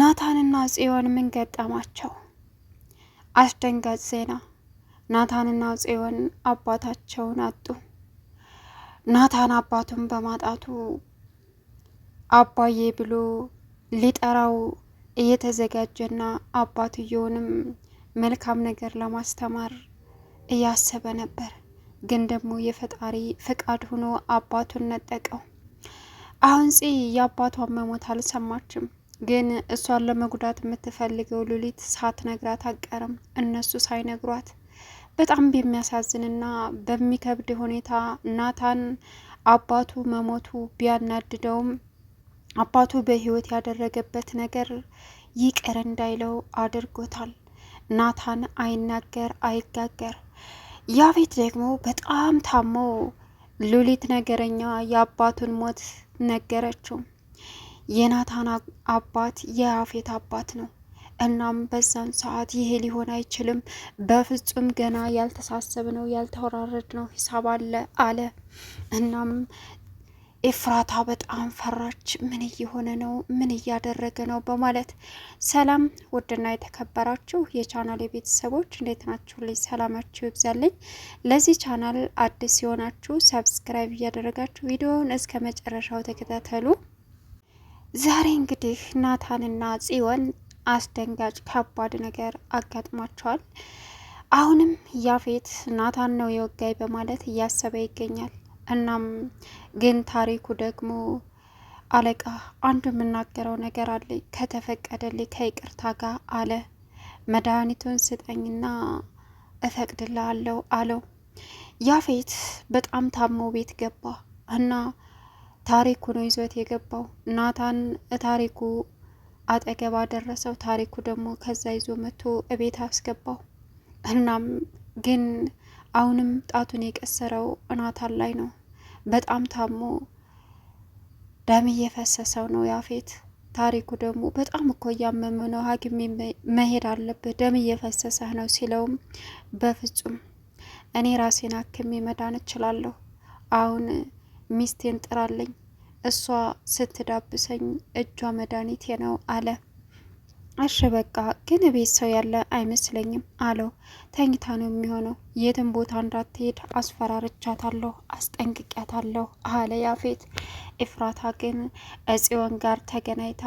ናታንና ጽዮን ምን ገጠማቸው? አስደንጋጭ ዜና። ናታንና ጽዮን አባታቸውን አጡ። ናታን አባቱን በማጣቱ አባዬ ብሎ ሊጠራው እየተዘጋጀና አባትየውንም መልካም ነገር ለማስተማር እያሰበ ነበር። ግን ደግሞ የፈጣሪ ፍቃድ ሆኖ አባቱን ነጠቀው። አሁን ጽ የአባቷን መሞት አልሰማችም። ግን እሷን ለመጉዳት የምትፈልገው ሉሊት ሳትነግራት አቀርም። እነሱ ሳይነግሯት በጣም በሚያሳዝንና በሚከብድ ሁኔታ ናታን አባቱ መሞቱ ቢያናድደውም አባቱ በህይወት ያደረገበት ነገር ይቅር እንዳይለው አድርጎታል። ናታን አይናገር አይጋገር። ያፌት ደግሞ በጣም ታሞ ሉሊት ነገረኛ የአባቱን ሞት ነገረችው። የናታን አባት የአፌት አባት ነው። እናም በዛን ሰዓት ይሄ ሊሆን አይችልም፣ በፍጹም ገና ያልተሳሰብ ነው ያልተወራረድ ነው ሂሳብ አለ አለ። እናም ኤፍራታ በጣም ፈራች። ምን እየሆነ ነው? ምን እያደረገ ነው? በማለት ሰላም ውድና የተከበራችሁ የቻናል የቤተሰቦች እንዴት ናችሁ? ልጅ ሰላማችሁ ይብዛልኝ። ለዚህ ቻናል አዲስ የሆናችሁ ሰብስክራይብ እያደረጋችሁ ቪዲዮውን እስከ መጨረሻው ተከታተሉ። ዛሬ እንግዲህ ናታንና ጽዮን አስደንጋጭ ከባድ ነገር አጋጥሟቸዋል። አሁንም ያፌት ናታን ነው የወጋይ በማለት እያሰበ ይገኛል። እናም ግን ታሪኩ ደግሞ አለቃ አንዱ የምናገረው ነገር አለ ከተፈቀደልኝ ከይቅርታ ጋር አለ መድኃኒቱን ስጠኝና እፈቅድላለው አለው። ያፌት በጣም ታሞ ቤት ገባ እና ታሪኩ ነው ይዞት የገባው። ናታን ታሪኩ አጠገብ አደረሰው። ታሪኩ ደግሞ ከዛ ይዞ መጥቶ እቤት አስገባው። እናም ግን አሁንም ጣቱን የቀሰረው ናታን ላይ ነው። በጣም ታሞ ደም እየፈሰሰው ነው ያፌት። ታሪኩ ደግሞ በጣም እኮ እያመመ ነው፣ ሐኪም መሄድ አለብህ፣ ደም እየፈሰሰህ ነው ሲለውም በፍጹም እኔ ራሴን አክሜ መዳን እችላለሁ አሁን ሚስቴን ጥራለኝ፣ እሷ ስትዳብሰኝ እጇ መድኃኒቴ ነው አለ። እሺ በቃ ግን ቤት ሰው ያለ አይመስለኝም አለው። ተኝታ ነው የሚሆነው፣ የትም ቦታ እንዳትሄድ አስፈራርቻታለሁ፣ አስጠንቅቂያታለሁ አለ ያፌት። ኤፍራታ ግን ጽዮን ጋር ተገናኝታ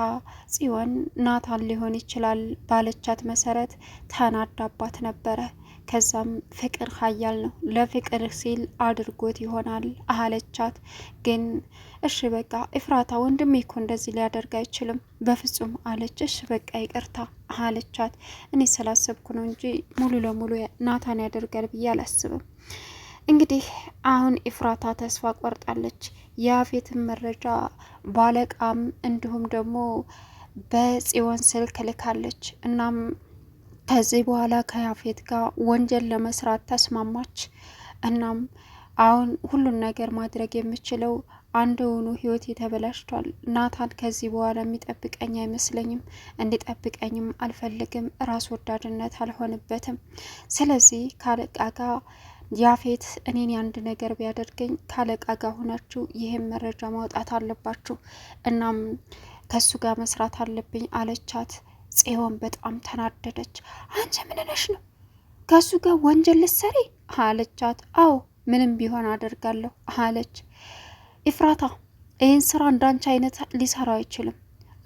ጽዮን ናታን ሊሆን ይችላል ባለቻት መሰረት ተናዳባት ነበረ። ከዛም ፍቅር ሀያል ነው፣ ለፍቅር ሲል አድርጎት ይሆናል አለቻት። ግን እሺ በቃ እፍራታ ወንድሜ እኮ እንደዚህ ሊያደርግ አይችልም በፍጹም አለች። እሺ በቃ ይቅርታ አለቻት። እኔ ስላሰብኩ ነው እንጂ ሙሉ ለሙሉ ናታን ያደርጋል ብዬ አላስብም። እንግዲህ አሁን እፍራታ ተስፋ ቆርጣለች። የአፌትን መረጃ ባለቃም እንዲሁም ደግሞ በጽዮን ስልክ ልካለች። እናም ከዚህ በኋላ ከያፌት ጋር ወንጀል ለመስራት ተስማማች። እናም አሁን ሁሉን ነገር ማድረግ የምችለው አንድ የሆኑ ህይወት ተበላሽቷል። ናታን ከዚህ በኋላ የሚጠብቀኝ አይመስለኝም፣ እንዲጠብቀኝም አልፈልግም። ራስ ወዳድነት አልሆንበትም። ስለዚህ ከአለቃ ጋር ያፌት እኔን የአንድ ነገር ቢያደርገኝ ከአለቃ ጋር ሆናችሁ ይህም መረጃ ማውጣት አለባችሁ። እናም ከሱ ጋር መስራት አለብኝ አለቻት። ጽዮን በጣም ተናደደች። አንቺ ምን ነሽ ነው ከሱ ጋር ወንጀል ልትሰሪ አለቻት። አዎ ምንም ቢሆን አደርጋለሁ አለች። ኢፍራታ ይህን ስራ እንዳንቺ አይነት ሊሰራ አይችልም።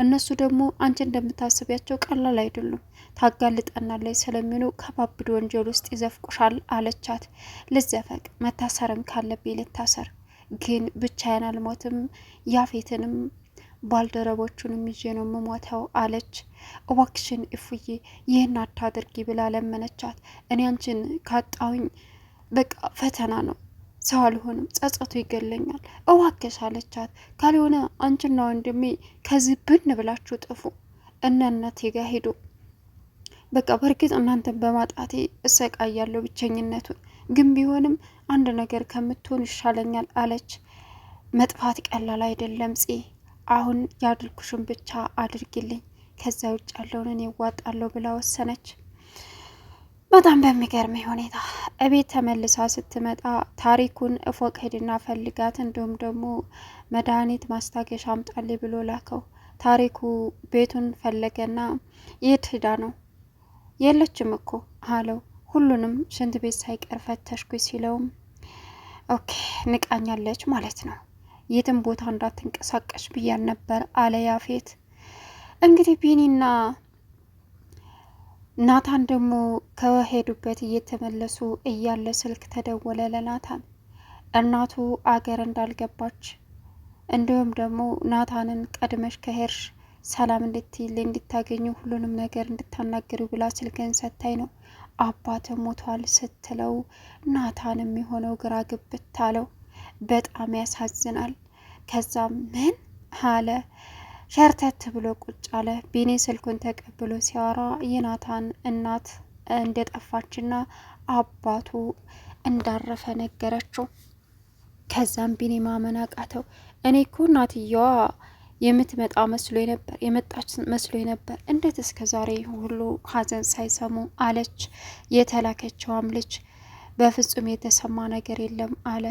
እነሱ ደግሞ አንቺ እንደምታስቢያቸው ቀላል አይደሉም። ታጋልጠናለች ስለሚሉ ከባብድ ወንጀል ውስጥ ይዘፍቁሻል አለቻት። ልዘፈቅ መታሰርም ካለብኝ ልታሰር፣ ግን ብቻዬን አልሞትም። ያፌትንም ባልደረቦቹንም ይዤ ነው የምሞተው አለች። እባክሽን እፉዬ ይህን አታድርጊ ብላ ለመነቻት። እኔ አንቺን ካጣውኝ በቃ ፈተና ነው፣ ሰው አልሆንም፣ ጸጸቱ ይገለኛል፣ እባክሽ አለቻት። ካልሆነ አንቺና ወንድሜ ከዚህ ብን ብላችሁ ጥፉ፣ እነ እናቴ ጋ ሄዱ። በቃ በእርግጥ እናንተን በማጣቴ እሰቃያለሁ ብቸኝነቱን፣ ግን ቢሆንም አንድ ነገር ከምትሆን ይሻለኛል አለች። መጥፋት ቀላል አይደለም ጽ አሁን ያድርኩሽን ብቻ አድርግልኝ ከዛ ውጭ ያለውን እኔ እዋጣለሁ ብላ ወሰነች። በጣም በሚገርም ሁኔታ እቤት ተመልሳ ስትመጣ ታሪኩን እፎቅ ሄድና ፈልጋት፣ እንዲሁም ደግሞ መድኃኒት ማስታገሻ አምጣልኝ ብሎ ላከው። ታሪኩ ቤቱን ፈለገና የት ሂዳ ነው የለችም እኮ አለው። ሁሉንም ሽንት ቤት ሳይቀር ፈተሽኩ ሲለውም ኦኬ ንቃኛለች ማለት ነው የትም ቦታ እንዳትንቀሳቀሽ ብያል ነበር አለ ያፌት። እንግዲህ ቢኒና ናታን ደግሞ ከሄዱበት እየተመለሱ እያለ ስልክ ተደወለ ለናታን። እናቱ አገር እንዳልገባች እንዲሁም ደግሞ ናታንን ቀድመሽ ከሄርሽ ሰላም እንድትይል እንድታገኙ ሁሉንም ነገር እንድታናገሩ ብላ ስልክን ሰታኝ ነው አባት ሞቷል ስትለው ናታንም የሆነው ግራ ግብት አለው። በጣም ያሳዝናል። ከዛም ምን አለ ሸርተት ብሎ ቁጭ አለ። ቢኒ ስልኩን ተቀብሎ ሲያወራ የናታን እናት እንደጠፋችና አባቱ እንዳረፈ ነገረችው። ከዛም ቢኒ ማመን አቃተው። እኔ እኮ እናትየዋ የምትመጣ መስሎ ነበር የመጣች መስሎ ነበር። እንዴት እስከ ዛሬ ሁሉ ሀዘን ሳይሰሙ አለች። የተላከችዋም ልጅ በፍጹም የተሰማ ነገር የለም አለ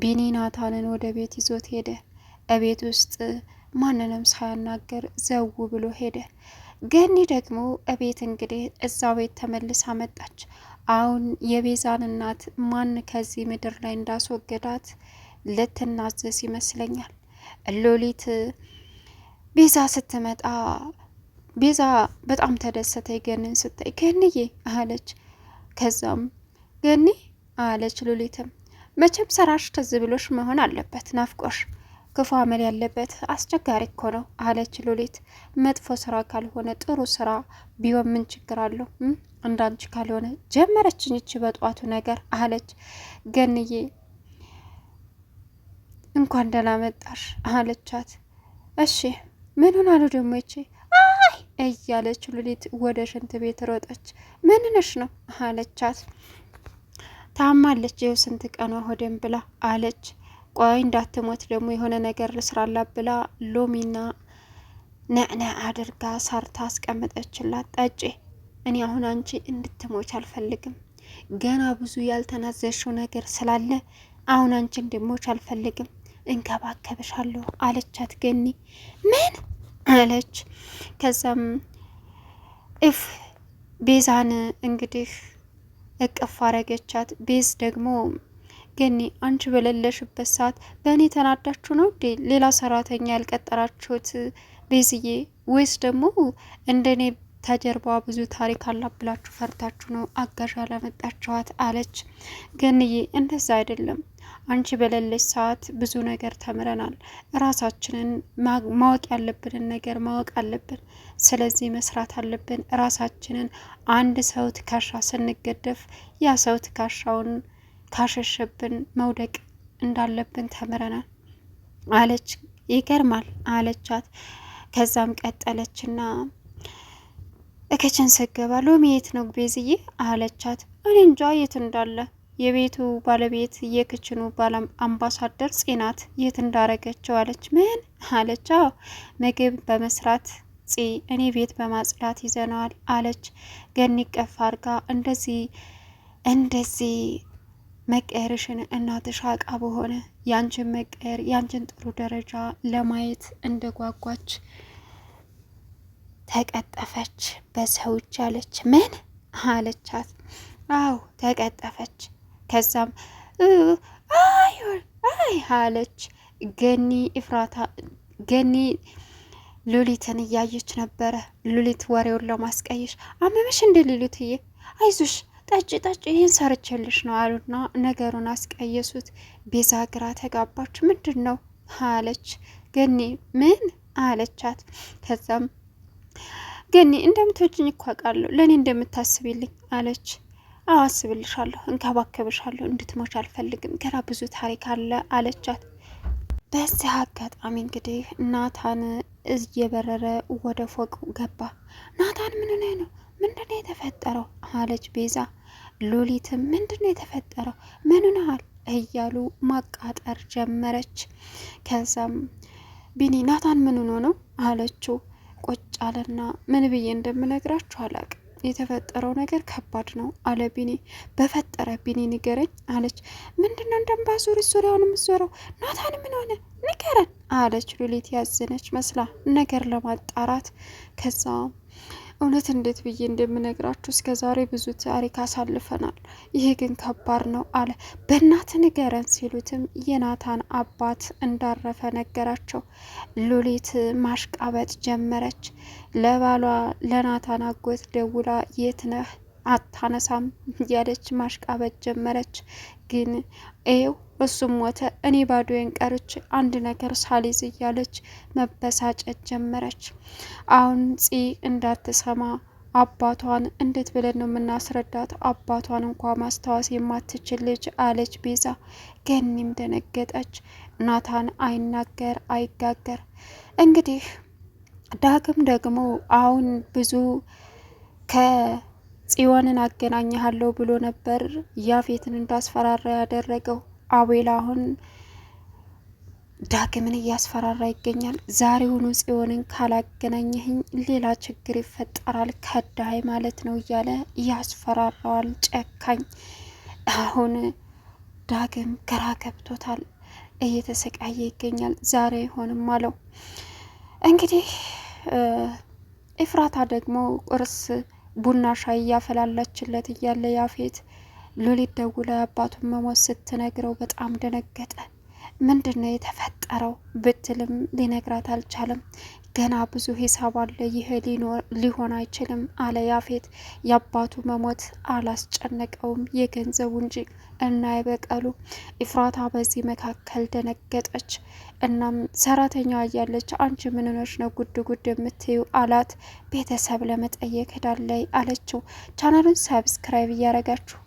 ቢኒ ናታንን ወደ ቤት ይዞት ሄደ። እቤት ውስጥ ማንንም ሳያናገር ዘው ብሎ ሄደ። ገኒ ደግሞ እቤት እንግዲህ እዛ ቤት ተመልሳ መጣች። አሁን የቤዛን እናት ማን ከዚህ ምድር ላይ እንዳስወገዳት ልትናዘስ ይመስለኛል። ሎሊት ቤዛ ስትመጣ ቤዛ በጣም ተደሰተ። ገንን ስታይ ገንዬ አለች። ከዛም ገኒ አለች ሎሊትም መቼም ሰራሽ ትዝ ብሎሽ መሆን አለበት ናፍቆሽ ክፉ አመል ያለበት አስቸጋሪ እኮ ነው አለች ሉሊት። መጥፎ ስራ ካልሆነ ጥሩ ስራ ቢሆን ምን ችግር አለው? እንዳንቺ ካልሆነ ጀመረችኝ እች በጧቱ ነገር አለች ገንዬ። እንኳን ደህና መጣሽ አለቻት። እሺ ምን ሆና ደግሞ ይቼ አይ እያለች ሉሊት ወደ ሽንት ቤት ሮጠች። ምንነሽ ነው አለቻት። ታማለች፣ ይኸው ስንት ቀኗ ሆደን ብላ አለች። ቆይ እንዳትሞት ደግሞ የሆነ ነገር ልስራላ ብላ ሎሚና ነዕነ አድርጋ ሰርታ አስቀምጠችላት። ጠጪ፣ እኔ አሁን አንቺ እንድትሞች አልፈልግም። ገና ብዙ ያልተናዘሽው ነገር ስላለ አሁን አንቺ እንድሞች አልፈልግም። እንከባከብሻለሁ አለቻት። ገኒ ምን አለች? ከዛም እፍ ቤዛን እንግዲህ እቅፍ አረገቻት። ቤዝ ደግሞ ገኒ አንቺ በሌለሽበት ሰዓት በእኔ ተናዳችሁ ነው እንዴ ሌላ ሰራተኛ ያልቀጠራችሁት? ቤዝዬ ወይስ ደግሞ እንደኔ ተጀርባ ብዙ ታሪክ አላብላችሁ ፈርታችሁ ነው አጋዣ ለመጣችኋት? አለች ገንዬ። እንደዛ አይደለም አንቺ በሌለች ሰዓት ብዙ ነገር ተምረናል። እራሳችንን ማወቅ ያለብንን ነገር ማወቅ አለብን። ስለዚህ መስራት አለብን። እራሳችንን አንድ ሰው ትከሻ ስንገደፍ ያ ሰው ትከሻውን ካሸሸብን መውደቅ እንዳለብን ተምረናል አለች። ይገርማል አለቻት። ከዛም ቀጠለችና እከችን ስገባ ሎሚ የት ነው ቤዝዬ? አለቻት። እኔ እንጃ የት እንዳለ የቤቱ ባለቤት የክችኑ አምባሳደር ጽናት የት እንዳረገችው አለች። ምን አለች? አዎ ምግብ በመስራት ጽ እኔ ቤት በማጽዳት ይዘነዋል አለች። ገኒ ቀፍ አርጋ እንደዚህ እንደዚህ መቀየርሽን እናትሽ አውቃ በሆነ ያንችን መቀየር ያንችን ጥሩ ደረጃ ለማየት እንደጓጓች ተቀጠፈች በሰው እጅ አለች። ምን አለቻት? አዎ ተቀጠፈች። ከዛም አይሆን አይ አለች ገኒ እፍራታ ገኒ ሉሊትን እያየች ነበረ። ሉሊት ወሬውን ለማስቀየሽ አመመሽ እንደ ሉሊትዬ፣ አይዞሽ ጠጭ ጠጭ ይህን ሰርቼልሽ ነው አሉና ነገሩን አስቀየሱት። ቤዛ ግራ ተጋባች። ምንድን ነው አለች ገኒ። ምን አለቻት። ከዛም ገኒ እንደምትወጅኝ እኮ አውቃለሁ ለእኔ እንደምታስብልኝ አለች። አስብልሻለሁ፣ እንከባከብሻለሁ፣ እንድትሞች አልፈልግም፣ ገና ብዙ ታሪክ አለ አለቻት። በዚህ አጋጣሚ እንግዲህ ናታን እየበረረ ወደ ፎቅ ገባ። ናታን ምንነ ነው ምንድነው የተፈጠረው አለች ቤዛ። ሉሊትም ምንድነው የተፈጠረው ምንነሃል እያሉ ማቃጠር ጀመረች። ከዛም ቢኒ ናታን ምንኖ ነው አለችው። ቁጭ አለና ምን ብዬ እንደምነግራችሁ አላውቅም የተፈጠረው ነገር ከባድ ነው አለ ቢኒ። በፈጠረ ቢኒ ንገረኝ አለች። ምንድነው እንደምባ ዙሪ ዙሪያውን የምትዞረው? ናታን ምን ሆነ ንገረን አለች ሉሊት ያዘነች መስላ ነገር ለማጣራት ከዛ እውነት እንዴት ብዬ እንደምነግራችሁ እስከ ዛሬ ብዙ ታሪክ አሳልፈናል፣ ይሄ ግን ከባድ ነው አለ። በእናት ንገረን ሲሉትም የናታን አባት እንዳረፈ ነገራቸው። ሉሊት ማሽቃበጥ ጀመረች። ለባሏ ለናታን አጎት ደውላ የት ነህ አታነሳም እያለች ማሽቃበጥ ጀመረች። ግን ኤው እሱም ሞተ፣ እኔ ባዶዬን ቀርች፣ አንድ ነገር ሳሊዝ እያለች መበሳጨት ጀመረች። አሁን ፂ እንዳትሰማ አባቷን እንዴት ብለን ነው የምናስረዳት? አባቷን እንኳ ማስታወስ የማትችል ልጅ አለች ቤዛ። ገኒም ደነገጠች። ናታን አይናገር አይጋገር። እንግዲህ ዳግም ደግሞ አሁን ብዙ ከ ጽዮንን አገናኘሃለሁ ብሎ ነበር ያፌትን እንዳስፈራራ ያደረገው። አቤላ አሁን ዳግምን እያስፈራራ ይገኛል። ዛሬውኑ ጽዮንን ካላገናኘህኝ ሌላ ችግር ይፈጠራል፣ ከዳይ ማለት ነው እያለ ያስፈራራዋል። ጨካኝ አሁን ዳግም ግራ ገብቶታል፣ እየተሰቃየ ይገኛል። ዛሬ አይሆንም አለው። እንግዲህ ኤፍራታ ደግሞ ቁርስ ቡና ሻይ እያፈላለችለት እያለ ያፌት ሉሊት ደውላ አባቱን መሞት ስትነግረው በጣም ደነገጠ። ምንድን ነው የተፈጠረው ብትልም ሊነግራት አልቻለም። ገና ብዙ ሂሳብ አለ፣ ይሄ ሊሆን አይችልም አለ ያፌት። የአባቱ መሞት አላስጨነቀውም የገንዘቡ እንጂ እና የበቀሉ። ኢፍራታ በዚህ መካከል ደነገጠች። እናም ሰራተኛ እያለች አንቺ ምንኖች ነው ጉድ ጉድ የምትዩ አላት። ቤተሰብ ለመጠየቅ ሄዳለይ አለችው። ቻናሉን ሰብስክራይብ እያረጋችሁ